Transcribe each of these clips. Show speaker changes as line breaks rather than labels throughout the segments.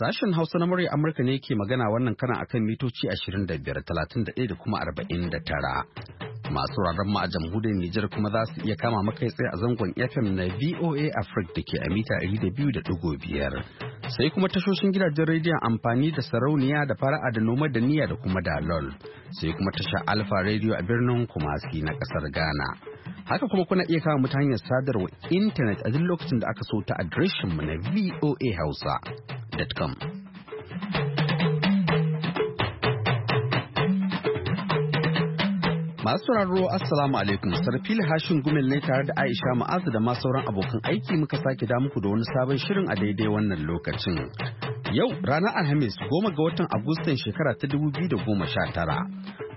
Sashen Hausa na murya Amurka ne ke magana wannan kana akan mitoci 25,31 da kuma 49. Masu raron mu a jamhuriyar Nijar kuma za su iya kama makai tsaye a zangon FM na VOA Africa da ke a mita 200.5. Sai kuma tashoshin gidajen rediyon amfani da sarauniya da fara'a da noma da niyya da kuma da dalol. Sai kuma tasha Alfa rediyo a birnin Kumasi na kasar Ghana. Haka kuma kuna iya kama mutane hanyar sadarwa intanet a duk lokacin da aka so ta mu na voahausa.com. Masu sauraro Assalamu alaikum sarfil hashin gumel ne tare da Aisha Ma'azu da ma sauran abokan aiki muka sake da muku da wani sabon shirin a daidai wannan lokacin. Yau ranar Alhamis goma ga watan Agustan shekara ta 2019.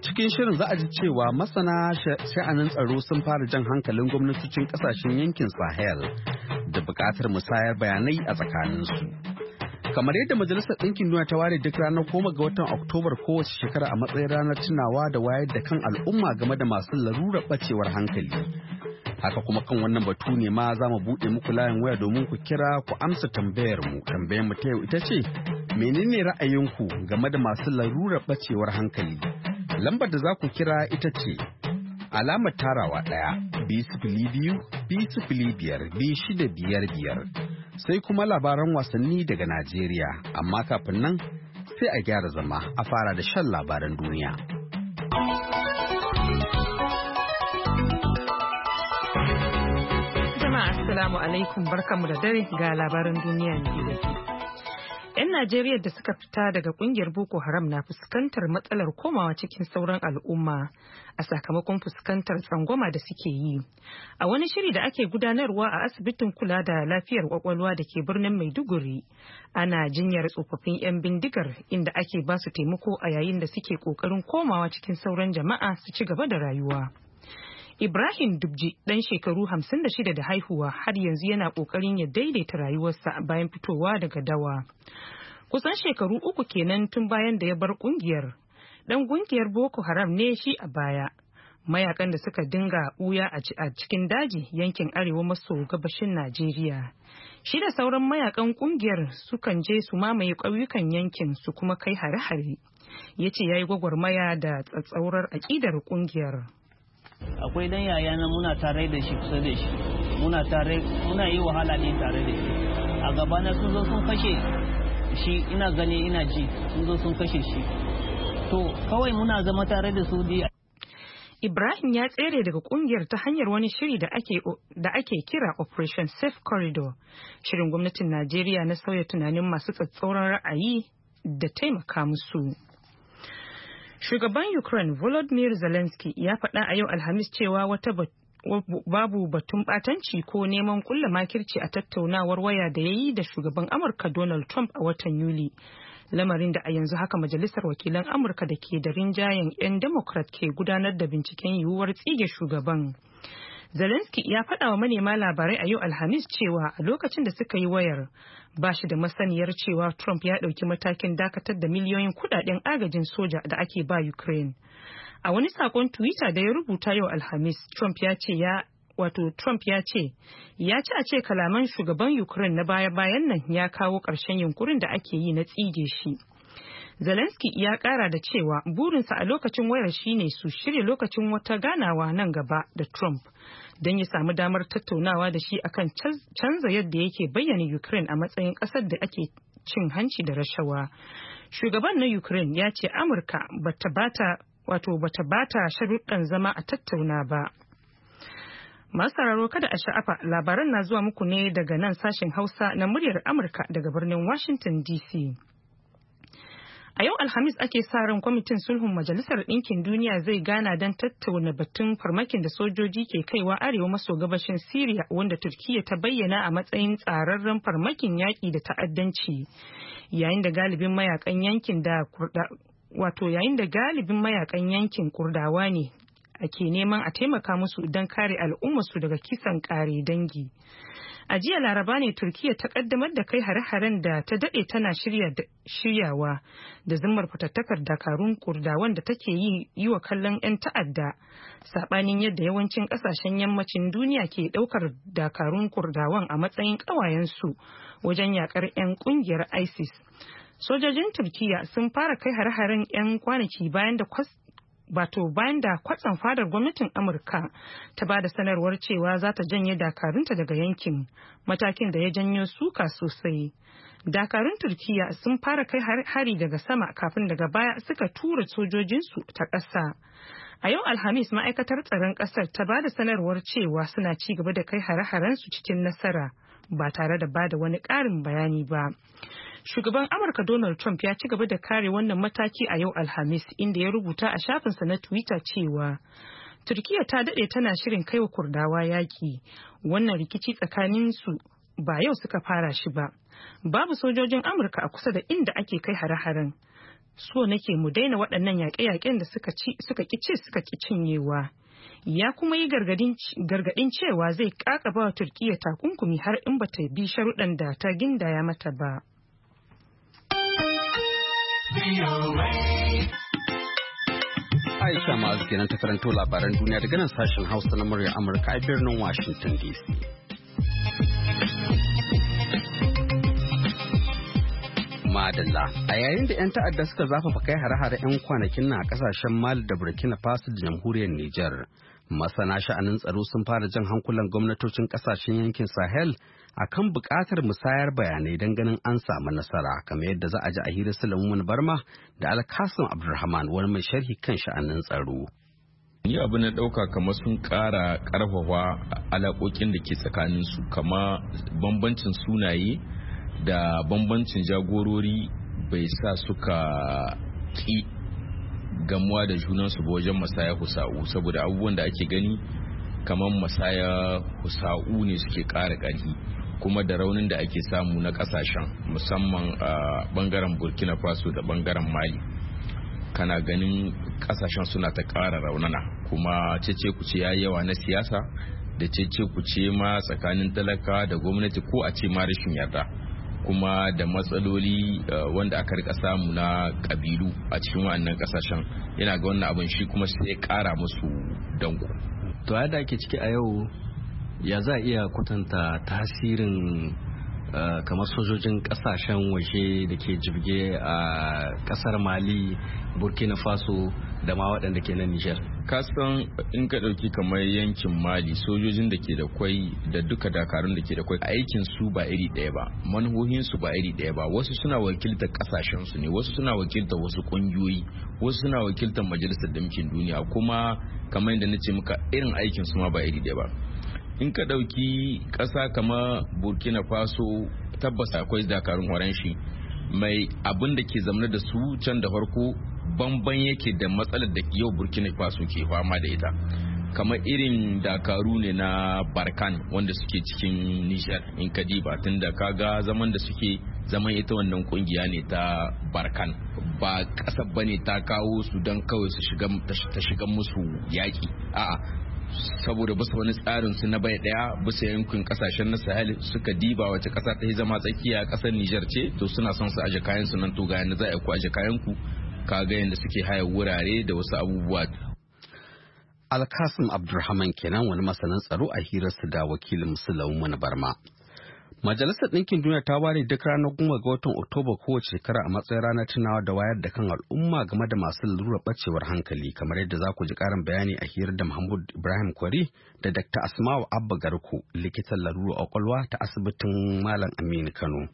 cikin shirin za a ji cewa masana sha'anin tsaro sun fara jan hankalin gwamnatocin kasashen yankin sahel da bukatar musayar bayanai a
tsakaninsu
kamar yadda majalisar ɗinkin duniya ta ware duk ranar goma ga watan oktobar kowace shekara a matsayin ranar tunawa da wayar da kan al'umma game da masu larurar ɓacewar hankali haka kuma kan wannan batu ne ma za mu buɗe muku layin waya domin ku kira ku amsa tambayar mu tambayar mu ta yau ita ce menene ra'ayinku game da masu larurar ɓacewar hankali Lambar da za ku kira ita ce alamar tarawa ɗaya biyu sifili biyu bisifili biyar biyu shida biyar biyar sai kuma labaran wasanni daga Najeriya amma kafin nan sai a gyara zama a fara da shan
labaran duniya. Jama'a Assalamu alaikum barkamu da dare ga labaran duniya
ne
'Yan Najeriya da suka fita daga kungiyar Boko Haram na fuskantar matsalar komawa cikin sauran al'umma a sakamakon fuskantar tsangwama da suke yi. A wani shiri da ake gudanarwa a asibitin kula da lafiyar kwakwalwa da ke birnin Maiduguri, ana jinyar tsofaffin 'yan bindigar inda ake ba su taimako a yayin da suke ƙoƙarin komawa cikin sauran jama'a su ci gaba da rayuwa. Ibrahim Dubji dan shekaru 56 da haihuwa har yanzu yana kokarin ya daidaita rayuwarsa bayan fitowa daga dawa. Kusan shekaru uku kenan tun bayan da ya bar kungiyar. Dan kungiyar Boko Haram ne shi a baya. Mayakan da suka dinga buya a cikin daji yankin arewa maso gabashin Najeriya. Shi da sauran mayakan kungiyar sukan je su mamaye ƙauyukan yankin su kuma kai hare-hare. Ya ce ya yi gwagwarmaya da tsatsaurar aƙidar kungiyar.
akwai dan yaya na muna tare da shi kusa da shi muna tare muna yi wahala ne tare da shi a gaba na sun zo sun kashe shi ina gani ina ji sun zo sun kashe shi to
kawai muna zama tare da su dai Ibrahim ya tsere daga kungiyar ta hanyar wani shiri da ake, da ake kira Operation Safe Corridor, shirin gwamnatin Najeriya na sauya tunanin masu tsatsauran ra'ayi da taimaka musu. Shugaban Ukraine Volodymyr Zelensky ya faɗa a yau Alhamis cewa wata babu batun ɓatanci ko neman kulla makirci a tattaunawar waya da ya yi da shugaban Amurka Donald Trump a watan Yuli. Lamarin da a yanzu haka Majalisar Wakilan Amurka da ke da rinjayen 'yan Democrat ke gudanar da binciken yiwuwar tsige shugaban. Zelensky ya faɗa wa manema labarai a yau Alhamis cewa a lokacin da suka yi wayar ba shi da masaniyar cewa Trump ya ɗauki matakin dakatar da miliyoyin kuɗaɗen agajin soja da ake ba Ukraine. A wani sakon Twitter da ya rubuta yau Alhamis, Trump ya ce ya wato Trump ya ce ya ci a ce kalaman shugaban Ukraine na baya-bayan nan ya kawo ƙarshen yunkurin da ake yi na tsige shi. Zelensky ya kara da cewa burinsa a lokacin wayar shine su shirya lokacin wata ganawa nan gaba da Trump don ya samu damar tattaunawa da shi akan canza yadda yake bayyana Ukraine a matsayin kasar da ake cin hanci da rashawa. Shugaban na Ukraine ya ce Amurka bata bata wato bata bata sharuɗan zama a tattauna ba. Masu sauraro kada a sha'afa labaran na zuwa muku ne daga nan sashen Hausa na muryar Amurka daga birnin Washington DC. A yau Alhamis ake sa ran kwamitin sulhun Majalisar Ɗinkin Duniya zai gana don tattauna batun farmakin da sojoji ke kaiwa arewa maso gabashin Siriya wanda Turkiyya ta bayyana a matsayin tsararren farmakin yaƙi da ta'addanci. Yayin da galibin mayakan yankin da wato yayin da galibin mayakan yankin Kurdawa ne ake neman a taimaka musu don kare al'ummarsu daga kisan kare dangi. A jiya laraba ne turkiya ta kaddamar da kai hare-haren da ta daɗe tana shiryawa da zimmar fatattakar dakarun kurdawan da take yi wa kallon 'yan ta'adda. Saɓanin yadda yawancin ƙasashen yammacin duniya ke ɗaukar dakarun kurdawan a matsayin su wajen yakar 'yan ƙungiyar ISIS. Sojojin Turkiyya sun fara kai hare-haren 'yan kwanaki bayan da kwas. wato bayan da kwatsan fadar gwamnatin amurka ta ba da sanarwar cewa za ta janye dakarunta daga yankin matakin da ya janyo suka sosai dakarun turkiya sun fara kai hari daga sama kafin daga baya suka tura sojojinsu ta ƙasa a yau alhamis ma'aikatar tsaron ƙasar ta ba da sanarwar cewa suna ci gaba da kai hare-harensu cikin nasara ba tare da bada wani karin bayani ba. Shugaban Amurka Donald Trump ya ci gaba da kare wannan mataki a yau Alhamis inda ya rubuta a shafinsa na Twitter cewa turkiya ta daɗe tana shirin kaiwa Kurdawa yaƙi wannan rikici tsakaninsu ba yau suka fara shi ba. Babu sojojin Amurka a kusa da inda ake kai hare-haren. So nake mu daina waɗannan yaƙe-yaƙen da suka ci suka suka ƙi cinyewa. ya kuma yi gargadin cewa zai kakaba wa turkiya takunkumi har in ba ta bi sharuɗan da ta gindaya mata ba
Aisha ma'azu kenan ta karanto labaran duniya daga nan sashen Hausa na murya Amurka a birnin Washington DC. Madalla a yayin da 'yan ta'adda suka zafafa kai hare-hare 'yan kwanakin na kasashen Mali da Burkina Faso da jamhuriyar Nijar. masana sha'anin tsaro sun fara jan hankulan gwamnatocin kasashen yankin sahel a kan buƙatar musayar bayanai don ganin an samu nasara kamar yadda za a ji a hira sulaiman barma da alkasim abdulrahman wani mai sharhi kan sha'anin tsaro
ni abu na ɗauka kamar sun ƙara ƙarfafa alaƙoƙin da ke tsakanin su kama bambancin sunaye da bambancin jagorori bai sa suka ƙi gamuwa da junansu ba wajen masaya husa'u saboda abubuwan da ake gani kamar masaya husa'u ne suke kara ƙarfi kuma da raunin da ake samu na kasashen musamman a bangaren burkina faso da bangaren mali kana ganin ƙasashen suna ta ƙara raunana kuma cece kuce ya yawa na siyasa da cece kuce ma tsakanin talaka da gwamnati ko a ce ma rashin yarda kuma da matsaloli eh, wanda aka rika samu na kabilu a cikin wannan kasashen yana ga wannan abin shi kuma sai ya kara musu danko
to yadda ake ciki a yau ya za a iya kwatanta tasirin Eh, kamar sojojin kasashen waje da ke jibge a kasar mali burkina
faso da ma waɗanda ke nan nijar kasan in ka ɗauki kamar yankin mali sojojin da ke da kwai da duka dakarun da ke da kwai aikin su ba iri ɗaya ba manhohin su ba iri ɗaya ba wasu suna wakilta kasashen su ne wasu suna wakilta wasu ƙungiyoyi wasu suna wakilta majalisar dimkin duniya kuma kamar yadda na ce muka irin aikin su ma ba iri ɗaya ba in ka ɗauki ƙasa kama burkina faso tabbas akwai dakarun horon shi mai abin da ke zamana da su can da farko bamban yake da matsalar da yau burkina faso ke fama da ita kamar irin dakaru ne na barkan wanda suke cikin nishar in ka ba tun da ga zaman da suke zaman ita wannan kungiya ne ta barkan ba kasar bane ta kawo su don kawai su ta shiga musu yaƙi a'a saboda basu wani tsarin su na bai daya bisa yankin kasashen na sahel suka diba wace kasa ta zama tsakiya kasar nijar ce to suna son su aje kayan su nan to ga yanda za a ku aje kayan ku kaga yanda suke haya
wurare da wasu abubuwa alkasim abdulrahman kenan wani masanin tsaro a hirar su da wakilin musulun na barma Majalisar Ɗinkin Duniya ta ware duk ranar goma ga watan Oktoba kowace shekara a matsayin ranar tunawa da wayar da kan al'umma game da masu lura ɓacewar hankali kamar yadda za ku ji ƙarin bayani a hirar da Muhammad Ibrahim Kwari da Dr. Asma'u Abba Garko likitan larura ƙwaƙwalwa ta asibitin Malam Aminu Kano.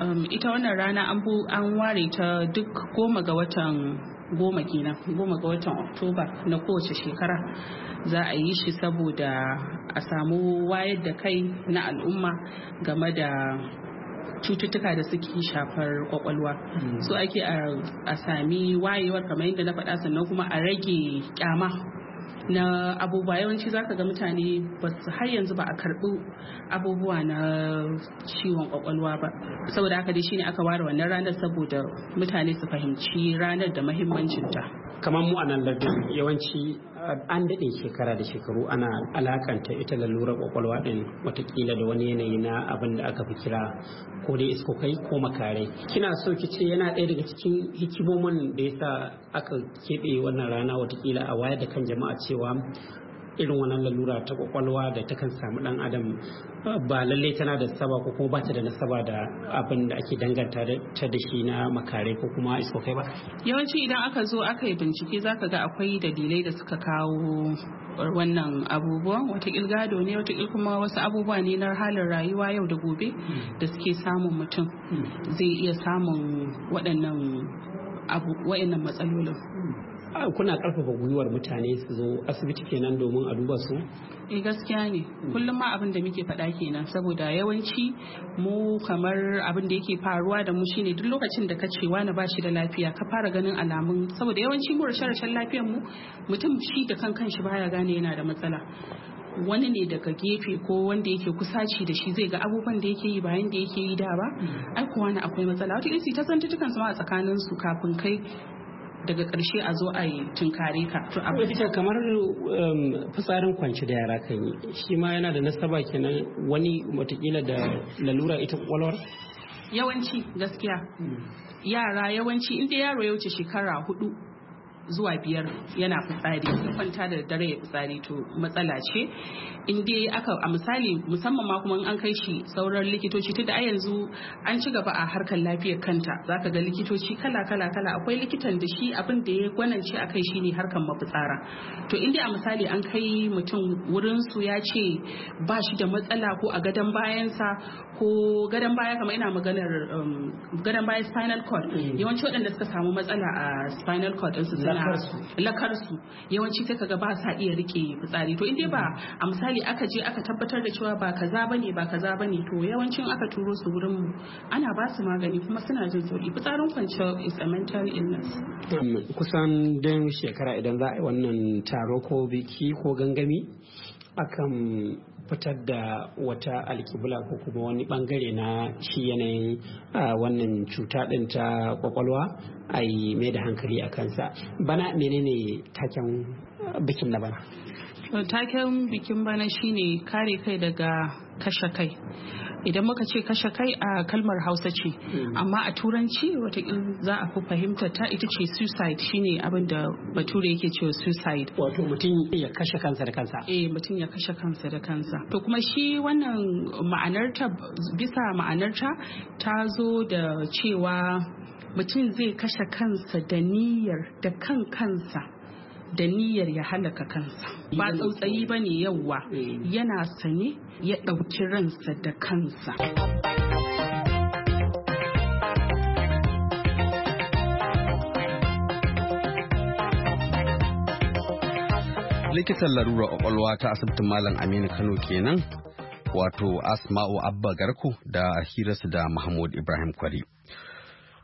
Um, ita wannan rana an ware ta duk goma ga watan goma kenan goma ga watan oktoba na kowace shekara za a yi shi saboda a samu wayar da kai na al'umma game da cututtuka da suke shafar kwakwalwa hmm. so ake a sami wayewar kamar yadda na faɗa sannan kuma a rage kyama na abubuwa yawanci zaka ga mutane ba su har yanzu ba a karɓi abubuwa na ciwon kwakwalwa ba saboda haka dai shine aka ware wannan ranar saboda mutane su fahimci ranar da
mahimmancinta kamar mu a nan lardin yawanci eh, an daɗe shekara da shekaru ana alakanta ita lalura kwakwalwa ɗin watakila da wani yanayi na abin da aka fi kira ko dai kai ko makarai kina so ki ce yana ɗaya daga cikin hikimomin da yasa aka keɓe wannan rana watakila a wayar da kan jama'a cewa irin wannan lalura ta kwakwalwa da ta kan samu dan adam ba lallai tana da saba ko kuma ba da nasaba da abin da ake danganta ta da shi na makare ko kuma iskokai ba yawanci idan
aka zo aka yi bincike zaka ga akwai dalilai da suka kawo wannan abubuwan wata gado ne wata kuma wasu abubuwa ne na halin rayuwa yau da gobe hmm. da suke samun mutum hmm. zai iya samun waɗannan matsalolin
hmm. Ah, kuna karfafa gwiwar mutane su zo asibiti kenan domin a duba su
eh gaskiya ne hmm. kullum ma abin da muke faɗa kenan saboda yawanci mu kamar abin da yake faruwa da mu shine duk lokacin da ka cewa na ba shi da lafiya ka fara ganin alamun saboda yawanci mu rashin rashen lafiyar mu mutum shi da kan kanshi baya gane yana da matsala wani ne daga gefe ko wanda yake kusa kusaci da shi zai ga abubuwan da yake yi bayan da yake yi da ba hmm. ai kuwa akwai matsala wata ta san su ma a tsakanin su kafin kai daga karshe a
zo a yi tunkare ka to abin ita kamar um, fitsarin kwanci da yara kan yi shi ma yana da nasaba kenan wani watakila da lalura ita kwakwalwar
yawanci gaskiya hmm. yara yawanci inda yaro ya wuce shekara hudu zuwa biyar yana fitsari in kwanta da dare ya fitsari to matsala ce in dai aka a misali musamman ma kuma an kai shi sauran likitoci da a yanzu an ci gaba a harkar lafiyar kanta zaka ga likitoci kala kala kala akwai likitan da shi abin da ya gwanance a shi ne harkar mafitsara to in dai a misali an kai mutum wurin su ya ce ba shi da matsala ko a gadon bayansa ko gadon baya kamar ina maganar um, gadon baya spinal cord mm. yawanci waɗanda suka samu matsala a spinal cord ɗinsu suna lakar yawanci sai kaga ba sa iya rike fitsari to inda ba a misali aka je aka tabbatar da cewa ba kaza bane ba kaza bane to yawancin aka turo su wurin mu ana ba su magani kuma suna jin sauki fitsarin kwanciyar is a mental illness
mm. kusan dan shekara idan za a yi wannan taro ko biki ko gangami akan fitar da wata alkibla ko kuma wani bangare na shi yanayin wannan cuta ɗin ta kwakwalwa a yi mai da hankali a kansa bana menene taken bikin na bana
taken bikin
bana shine kare kai daga kashe kai idan muka ce kashe kai a kalmar hausa ce hmm. amma a turanci watakil za a fi fahimta ta ita ce suicide shine abin da bature yake cewa suicide wato mutum ya kashe kansa da kansa eh mutum ya kashe kansa da kansa to kuma shi wannan ma'anarta bisa ma'anarta ta zo da cewa mutum zai kashe kansa da niyyar da kan kansa da niyyar ya halaka kansa ba tsautsayi ba ne yauwa eh. yana sane ya ɗauki ransa da kansa
likitan larura kwakwalwa ta asibitin malam aminu kano kenan wato asma'u abba Garku da hirarsu da mahmud ibrahim kwari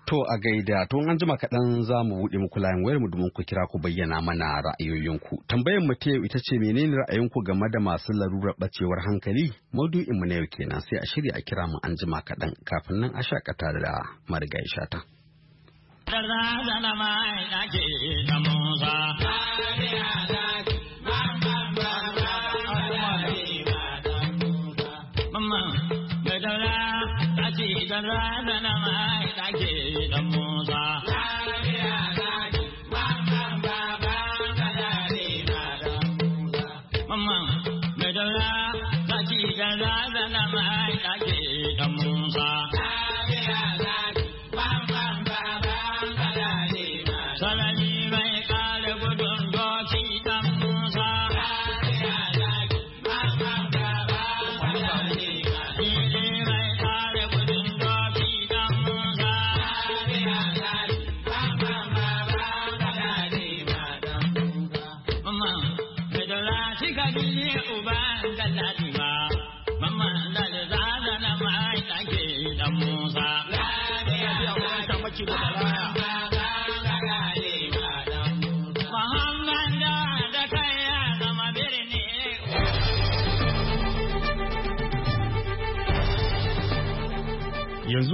To a gaida to an jima kaɗan za mu buɗe muku layin wayar mu domin ku kira ku bayyana mana ra'ayoyinku. Tambayar mu ta yau ita ce menene ra'ayinku game da masu larurar bacewar hankali? Maudu'in mu na yau kenan sai a shirya a kira mu an jima kaɗan kafin nan a shakata da marigayi shata.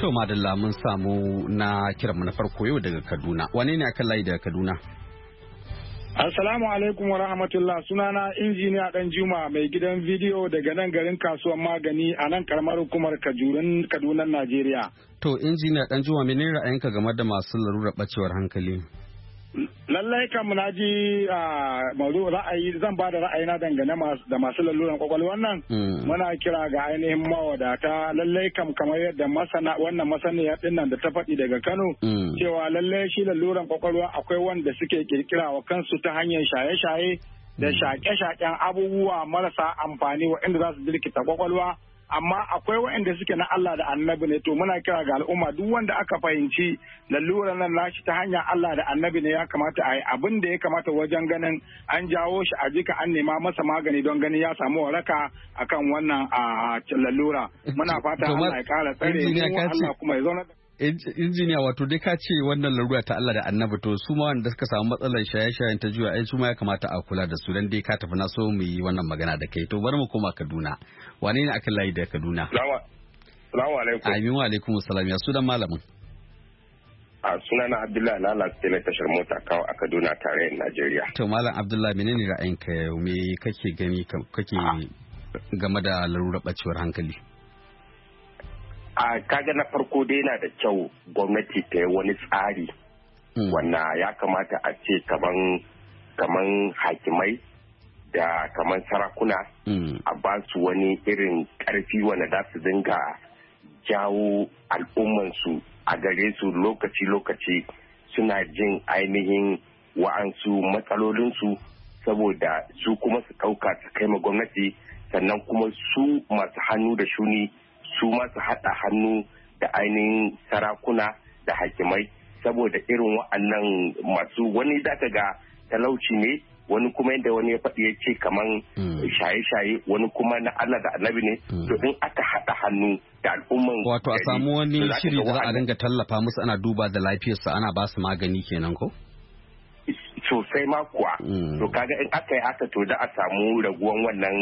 To madalla mun samu na mu na farko yau daga Kaduna. Wane ne akan layi daga Kaduna?
Assalamu alaikum wa rahmatullah sunana injiniya dan Juma mai gidan bidiyo daga nan garin kasuwar magani a nan karamar hukumar Kajurin Kaduna Najeriya.
To injiniya dan Juma menene ra'ayinka game da masu larurar bacewar hankali?
lallai kam na ji a mazu ra'ayi zan ba da ra'ayi na dangane da masu laluran kwakwalwa wannan hmm. muna kira ga ainihin mawadata lallai kam kamar yadda masana wannan masaniyar dinnan da ta faɗi daga Kano hmm. cewa lallai shi lalluran kwakwalwa akwai wanda suke kirkira wa kansu ta hanyar shaye-shaye da hmm. shaƙe-shaƙen abubuwa marasa amfani inda za su jirkita kwakwalwa amma akwai waɗanda suke na Allah da annabi ne to muna kira ga al'umma duk wanda aka fahimci lalura nan nashi ta hanya Allah da annabi ne ya kamata a yi abin da ya kamata wajen ganin an jawo shi a jika an nema masa magani don ganin ya samu waraka akan wannan a ah,
lalura muna fata Allah ya kara tsare kuma ya zauna
injiniya wato dai ka ce wannan larura ta Allah da annabi to su ma wanda suka samu matsalar shaye-shayen ta juya ai su ma ya kamata a kula da su dan dai ka tafi na so mu yi wannan magana da kai to bari mu koma Kaduna wane ne akan layi da Kaduna
Salamu alaikum Amin
wa alaikum assalam ya sunan malamin
a sunana Abdullahi Lala na tashar mota kawo a Kaduna tare tarayyar Najeriya
to malam Abdullahi menene ra'ayinka me kake gani kake game da larurar bacewar hankali
a kaga na farko da yana da kyau gwamnati ta yi wani tsari mm. Wannan ya kamata a ce kaman kaman hakimai da kaman sarakuna mm. a ba su wani irin karfi wanda za su dinga jawo al'ummansu a gare su lokaci-lokaci suna jin ainihin wa'ansu matsalolinsu saboda su kuma su ɗauka su kai ma gwamnati sannan kuma su masu hannu da shuni su masu haɗa hannu da ainihin sarakuna da hakimai saboda irin wa'annan masu wani zaka ga talauci ne wani kuma yadda wani ya faɗi ya ce kaman hmm. shaye-shaye wani kuma na Allah da annabi ne hmm. to in aka haɗa hannu da al'umman wato a samu wani shiri da za a
dinga tallafa musu ana duba da lafiyarsa ana ba su magani kenan ko
sosai ma kuwa mm. to kaga in aka yi haka to da a samu raguwan wannan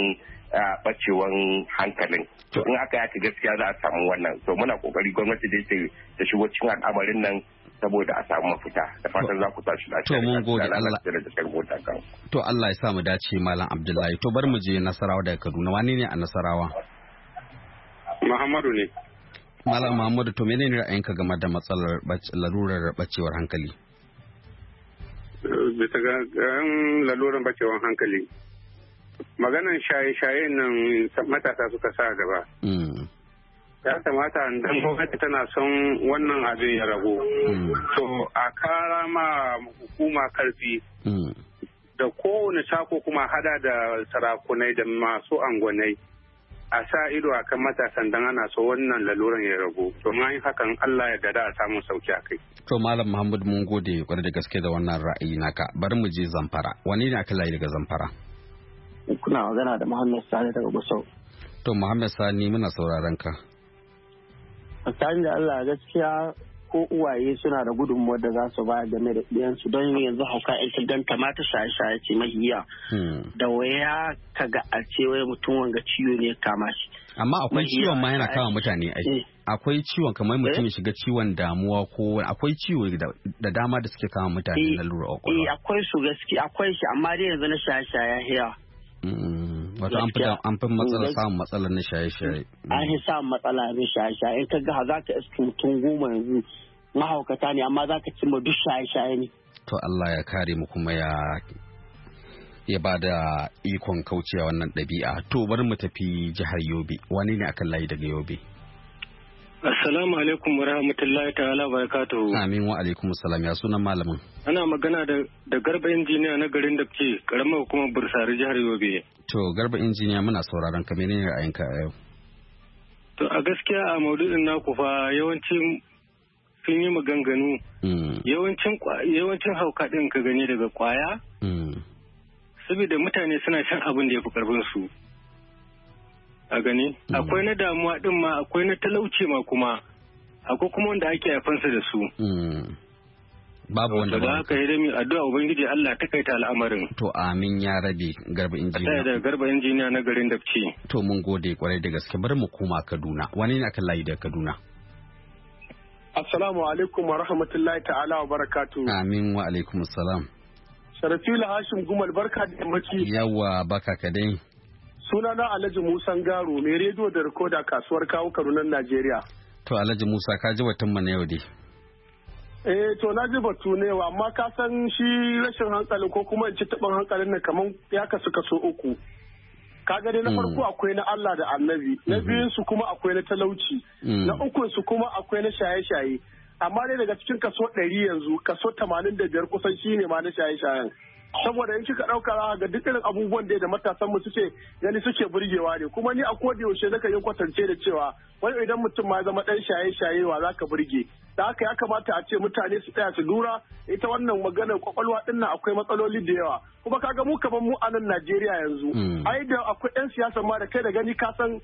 bacewan hankalin to in aka yi haka gaskiya za a samu wannan To muna kokari gwamnati dai ta shigo cikin al'amarin nan saboda a samu mafita da fatan za ku tashi da to mun gode Allah
to Allah ya sa mu dace malam Abdullahi to bar mu je Nasarawa daga Kaduna wani ne a Nasarawa
Muhammadu ne
Malam Muhammadu to menene ra'ayinka game da matsalar larurar bacewar hankali
bisa ga laluran bacewan hankali maganan shaye-shaye nan matasa suka sa gaba mm. ya kamata dan gwamnati tana son wannan abin ya ragu mm. to a kara ma hukuma karfi mm. da kowane sako kuma hada da sarakunai da masu angwanai a sa ido a kan matasan don ana so wannan laluran ya ragu ma yin hakan Allah ya gada a samun sauki a kai.
To Malam Muhammadu mun gode kwarai da gaske da wannan ra'ayi naka bari mu je Zamfara wani ne aka layi daga Zamfara?
Kuna magana da Muhammad Sani daga Gusau.
To Muhammad Sani muna sauraron ka.
Sani da Allah gaskiya ko uwaye suna da gudunmuwar da za su ba game da ɗiyansu don yanzu hauka in ta ganta mata shaye-shaye ce mahiya hmm. da waya ka ga a ce wai mutum wanga ciwo ne kama shi
amma akwai ciwon ma yana kama mutane eh. akwai ciwon kamar mutum ya eh? shiga ciwon damuwa ko akwai ciwo da dama da suke kama mutane eh. na lura
akwai su gaske akwai shi amma dai yanzu na shaye-shaye yawa
Mm. Wato an fi an fi matsala mm, samun matsalar na shaye-shaye. An fi
samun matsala na shaye-shaye in ka ga za ka iska mutum goma yanzu mahaukata ne amma za ka ci duk shaye-shaye ne.
To Allah ya kare mu kuma ya ya ba da ikon kaucewa wannan ɗabi'a to bari mu tafi jihar Yobe wani ne akan layi daga Yobe.
Assalamu alaikum wa rahmatullahi ta'ala wa barakatuhu. Amin
wa alaikum salam ya sunan malamin.
Ana magana da, da garba injiniya na garin da ke karamar hukumar Bursari jihar Yobe.
To garba injiniya muna sauraron ka menene ra'ayinka a yau?
To a gaskiya a maudu'in naku fa yawancin sun yi maganganu. Hmm. Yawancin yawancin hauka din ka gani daga kwaya. Hmm. Saboda mutane suna shan abin da ya fi karfin su. a gani mm. akwai na damuwa din ma akwai na talauci ma kuma akwai kuma wanda ake haifansa da su
mm.
babu wanda ba haka
yi dami addu'a ubangiji Allah ta kaita al'amarin
to amin ya rabi garba injiniya da
garba injiniya na garin dabci
to mun gode kwarai da gaske bari mu koma Kaduna wani ne aka layi da Kaduna
Assalamu alaikum wa rahmatullahi ta'ala wa barakatuh
amin wa alaikum assalam
Sharafila Hashim Gumal barka da
yammaci yawa baka kadai
Suna na alhaji musan garo mai rediyo da rikoda kasuwar kawo karunan najeriya
to alhaji musa ka ji batun mu na yau dai
eh to na ji batu ne wa amma ka san shi rashin hankali ko kuma in ci taɓin hankalin na kamar ya kasu kaso uku kaga dai na mm. farko akwai na Allah da annabi na mm-hmm. biyun su kuma akwai na talauci mm. na uku su kuma akwai na shaye-shaye amma dai daga cikin kaso ɗari yanzu kaso tamanin da biyar kusan shine ma na shaye-shayen saboda in kika dauka ga duk irin abubuwan da da matasan mu suke gani suke burgewa ne kuma ni a koda yaushe zaka yi kwatance da cewa wani idan mutum ma ya zama dan shaye shaye wa zaka burge da haka ya kamata a ce mutane su tsaya su lura ita wannan maganar kwakwalwa din nan akwai matsaloli da yawa kuma kaga mu kaman mu a nan Najeriya yanzu mm. ai da akwai yan siyasa ma da kai da gani ka san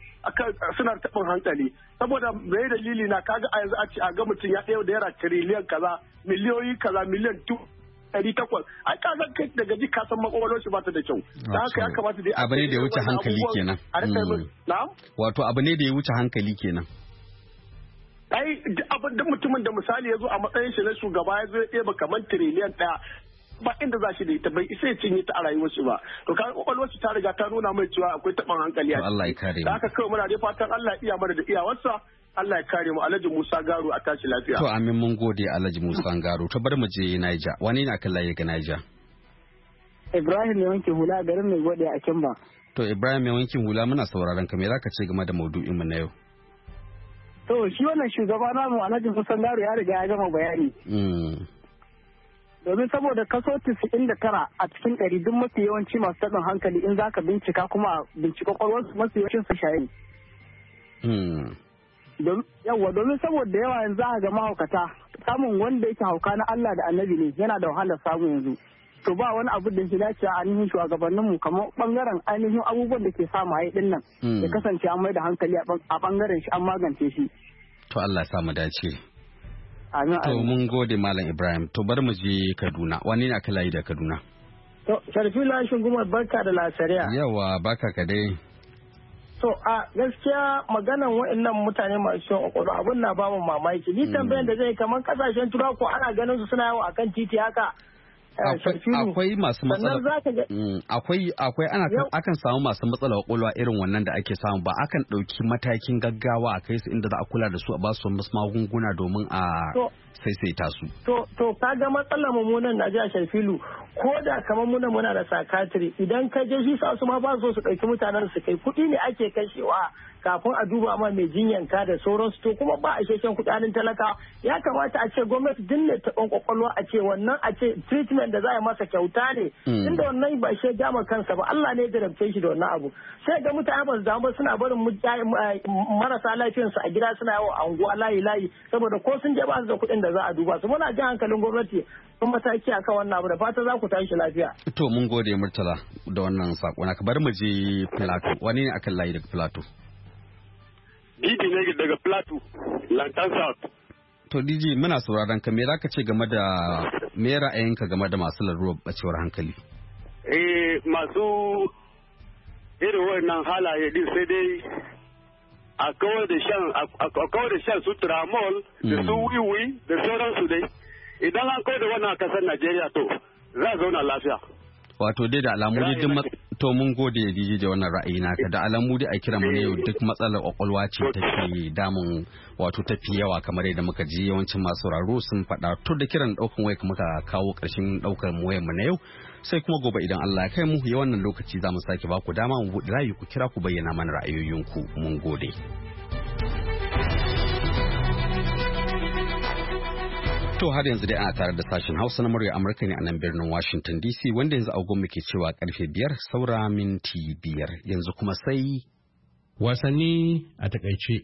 suna tabin hankali saboda bai dalili na kaga a yanzu a ce a ga mutum ya ɗaya da yara tiriliyan kaza miliyoyi kaza miliyan ɗari takwas a kasan kai daga ji kasan makwalwar shi ba ta da kyau
da haka ya kamata dai abu ne da ya wuce hankali kenan hmm. wato abu ne da ya wuce hankali kenan
ai da mutumin da misali ya zo a matsayin shi na shugaba ya zo ya ɗeba kamar tiriliyan ɗaya ba inda za shi da ita bai isa ya cinye ta a rayuwar shi ba to ka kwakwalwar ta riga ta nuna mai cewa akwai taɓan hankali a Allah kare da haka kawai muna dai fatan Allah iya mana da iyawarsa Allah ya kare mu Alhaji Musa Garo a tashi lafiya. To
amin mun gode Alhaji Musa Garo to bar mu je Niger. wani ne akan layi ga Naija?
Ibrahim ya wanke hula garin mai gode a Kimba.
To Ibrahim ya wanke hula muna sauraron ka me zaka ce game da maudu'in mu na yau?
To shi wannan shugaba namu Alhaji Musa Garo ya riga ya gama bayani. Hmm. domin saboda kaso tara a cikin ɗari duk mafi yawanci masu taɓin hankali in za ka bincika kuma bincika ƙwarwarsu mafi yawancin su shayi. Hmm. yawwa domin saboda yawa yanzu a ga mahaukata samun wanda yake hauka na Allah da annabi ne yana da wahalar samun yanzu to ba wani abu da ya dace ainihin shugabannin mu kamar bangaren ainihin abubuwan da ke sa maye din nan hmm. ya kasance an mai da hankali a bangaren shi an magance shi
to Allah ya samu dace amin to mun gode malam Ibrahim to bar mu je Kaduna wani ne aka layi da Kaduna
to lashin gumar barka da lasariya
yawa baka ka dai
So a gaskiya maganan waɗannan mutane masu ciwon kwakwalwa abin na mu mamaki ni tambayan da zai kamar kasashen turaku ana ganin su suna yawo akan titi haka
eh, akwai masu matsala mm, akwai akwai ana akan samu masu matsala kwakwalwa irin wannan da ake samu ba akan ɗauki matakin gaggawa a kai su inda za a kula da su a ba su magunguna domin a saisaita su.
To, to kaga matsalar mummunan na jiya Sharfilu ko da kamar muna muna da sakatiri idan ka je shi sa su ma ba su su ɗauki mutanen su kai kuɗi ne ake kashewa kafin a duba ma mai ka da sauransu to kuma ba a shekin kuɗaɗen talaka ya kamata a ce gwamnati ne ta kwakwalwa a ce wannan a ce treatment da za a masa kyauta ne inda hmm. wannan ba shi dama kansa ba Allah ne ya jarabce shi da wannan abu sai ga mutane ba su ba suna barin marasa lafiyansu a gida suna yawo anguwa layi layi saboda ko sun je ba su da kuɗin da za a duba su muna jin hankalin gwamnati sun mataki kan wannan abu da fata za ku tashi lafiya.
To mun gode Murtala da wannan sako na bar mu je Filato wani ne akan layi daga Filato?
Didi ne daga Filato Lantan South.
To Didi muna sauraron ka me za ka ce game da me ra'ayinka game da masu larurar bacewar hankali?
Eh masu irin wannan halaye din sai dai a kawar da shan a kawar da shan su tramol da su mm. wiwi da sauransu dai idan an kawar da wannan a kasar Najeriya to za a zauna lafiya
wato dai da alamu dai duk to mun gode ya jiji da wannan ra'ayi naka da alamu dai a kira mu yau duk matsalar kwakwalwa ce eh. ta ke damun wato tafi yawa kamar yadda muka ji yawancin masu raro sun faɗa to da kiran ɗaukan waya muka kawo ƙarshen ɗaukar wayar mu na yau sai kuma gobe idan Allah ya kai mu ya wannan lokaci za mu sake ba ku dama mu buɗe rayu ku kira ku bayyana mana ra'ayoyinku mun gode. To har yanzu dai ana tare da sashen Hausa na murya Amurka ne a nan birnin Washington DC wanda yanzu agon muke cewa karfe biyar saura minti biyar yanzu kuma sai wasanni a takaice.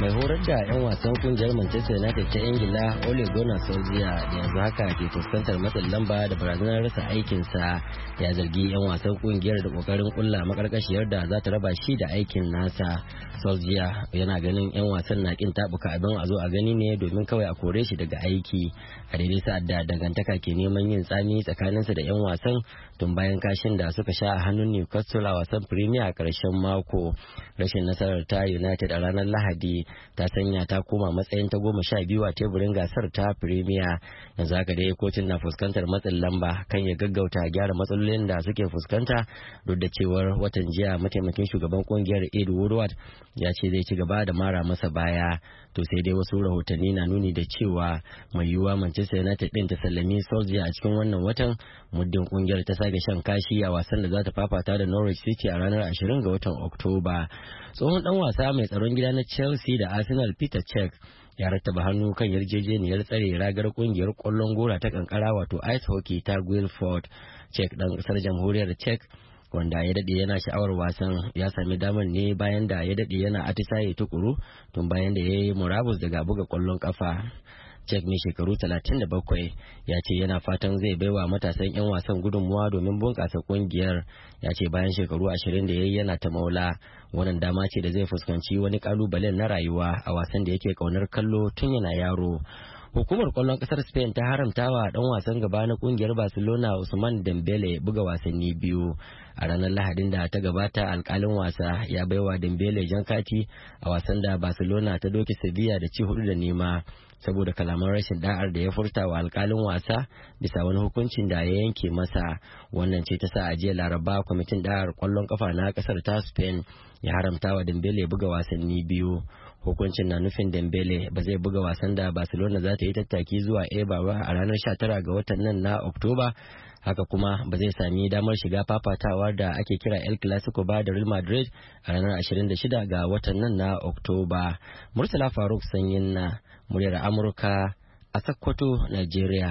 mai horar da 'yan wasan kungiyar manchester united ta ingila ole gunnar solskjaer da yanzu haka ke fuskantar matsin lamba da barazanar rasa aikinsa ya zargi 'yan wasan kungiyar da kokarin kulla makarkashiyar da za ta raba shi da aikin nasa solskjaer yana ganin 'yan wasan na kin tabuka abin a zo a gani ne domin kawai a kore shi daga aiki a daidai sa'ad dangantaka ke neman yin tsami tsakaninsa da 'yan wasan tun bayan kashin da suka sha a hannun Newcastle a wasan Premier a ƙarshen mako. Rashin nasarar ta United a ranar Lahadi ta sanya ta koma matsayin ta goma sha biyu a teburin gasar ta Premier. Yanzu haka dai kotun na fuskantar matsin lamba kan ya gaggauta gyara matsalolin da suke fuskanta duk da cewar watan jiya mataimakin shugaban kungiyar Ed Woodward ya ce zai ci gaba da mara masa baya. To sai dai wasu rahotanni na nuni da cewa mai yiwuwa Manchester United din ta sallami Solskjaer a cikin wannan watan muddin kungiyar ta sake shan kashi a wasan da za ta fafata da Norwich City a ranar 20 ga watan Oktoba. Tsohon dan wasa mai tsaron gida na Chelsea da Arsenal Peter Cech ya rattaba hannu kan yarjejeniyar tsare ragar kungiyar kwallon gora ta kankara wato ice hockey ta Guilford. Cech dan kasar jamhuriyar Cech wanda ya dade yana sha'awar wasan ya sami damar ne bayan da ya dade yana atisaye tukuru tun bayan da ya yi murabus daga buga kwallon kafa. Jack mai shekaru 37 ya ce yana fatan zai baiwa matasan 'yan wasan gudunmuwa domin bunƙasa ƙungiyar ya ce bayan shekaru 20 da ya yi yana ta maula wannan dama ce da zai fuskanci wani kalubalen na rayuwa a wasan da yake kaunar kallo tun yana yaro. Hukumar kwallon kasar Spain ta haramta wa dan wasan gaba na kungiyar Barcelona Usman Dembele buga wasanni biyu. A ranar Lahadin da ta gabata alkalin wasa ya baiwa Dembele jan kati a wasan da Barcelona ta doki Sevilla da ci hudu da nema. saboda kalaman rashin da'ar da ya furta wa alkalin wasa bisa wani hukuncin da ya yanke masa wannan ce ta sa a jiya laraba kwamitin da'ar kwallon kafa na kasar ta spain ya haramta wa dembele buga wasanni biyu hukuncin na nufin dembele ba zai buga wasan da barcelona za ta yi tattaki zuwa eba ba a ranar tara ga watan nan na oktoba haka kuma ba zai sami damar shiga fafatawar da ake kira el clasico ba da real madrid a ranar 26 ga watan nan na oktoba murtala faruk sanyin na muryar Amurka a Sokoto, Najeriya.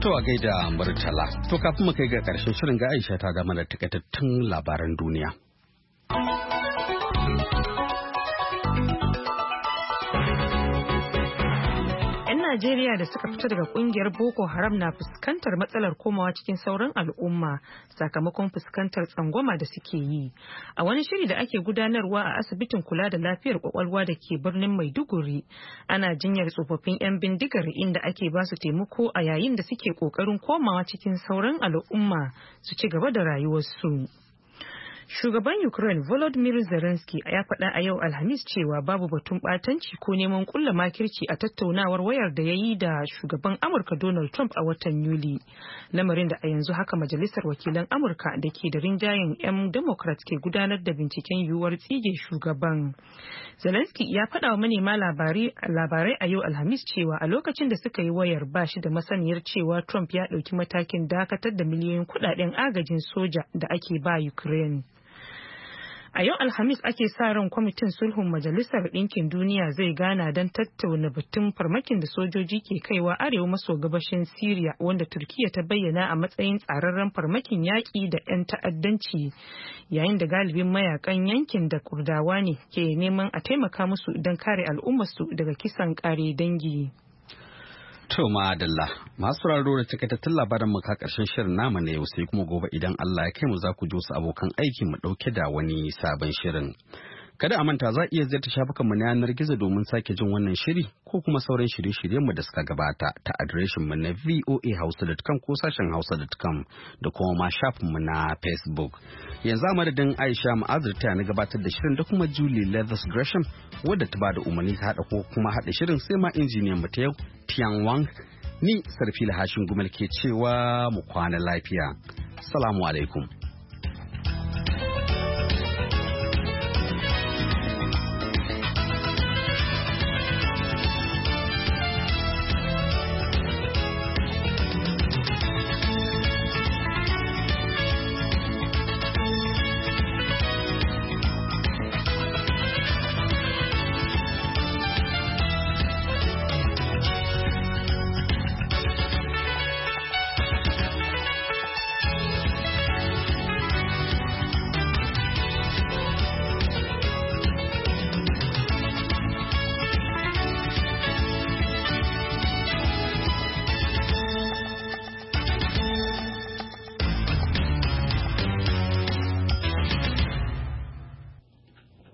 To a gaida Murtala, to kafin mu kai ga ƙarshen shirin ga Aisha ta gama da takaitattun labaran duniya.
Najeriya da suka fita daga kungiyar Boko Haram na fuskantar matsalar komawa cikin sauran al'umma sakamakon fuskantar tsangwama da suke yi. A wani shiri da ake gudanarwa a asibitin kula da lafiyar kwakwalwa da ke birnin Maiduguri, ana jinyar tsofaffin 'yan bindigar inda ake ba su taimako a yayin da suke kokarin komawa cikin sauran al'umma su ci gaba da rayuwarsu. Shugaban Ukraine Volodymyr Zelensky ya faɗa a yau Alhamis cewa babu batun ɓatanci ko neman kulla makirci a tattaunawar wayar da ya yi da shugaban Amurka Donald Trump a watan Yuli. Lamarin da a yanzu haka Majalisar Wakilan Amurka da ke da rinjayen 'yan Democrat ke gudanar da binciken yiwuwar tsige shugaban. Zelensky ya faɗa wa manema labarai a yau Alhamis cewa a lokacin da suka yi wayar ba shi da masaniyar cewa Trump ya ɗauki matakin dakatar da miliyoyin kuɗaɗen agajin soja da ake ba Ukraine. A yau Alhamis ake sa ran kwamitin sulhun Majalisar Ɗinkin Duniya zai gana don tattauna batun farmakin da sojoji ke kaiwa arewa maso gabashin Siriya wanda Turkiyya ta bayyana a matsayin tsararren farmakin yaƙi da 'yan ta'addanci yayin da galibin mayakan yankin da Kurdawa ne ke neman a taimaka musu don kare al'ummarsu daga kisan kare dangi.
To adalla masu raro da takaitattun labaran muka karshen shirin namu na yau sai kuma gobe idan Allah ya kai mu za ku ji wasu abokan aiki mu ɗauke da wani sabon shirin. Kada a manta za a iya ziyarta shafukanmu na yanar gizo domin sake jin wannan shiri ko kuma sauran shirye-shiryenmu da suka gabata ta mu na voahausa.com ko sashen hausa.com da kuma ma shafinmu na Facebook. Yanzu a madadin Aisha Ma'azir ta na gabatar da shirin da kuma Julie Leathers Gresham wadda ta ba da umarni ta haɗa ko kuma haɗa shirin sai ma injiniyan mu ta yau Tian Wang ni Sarfila Lahashin Gumal ke cewa mu kwana lafiya. Salamu alaikum.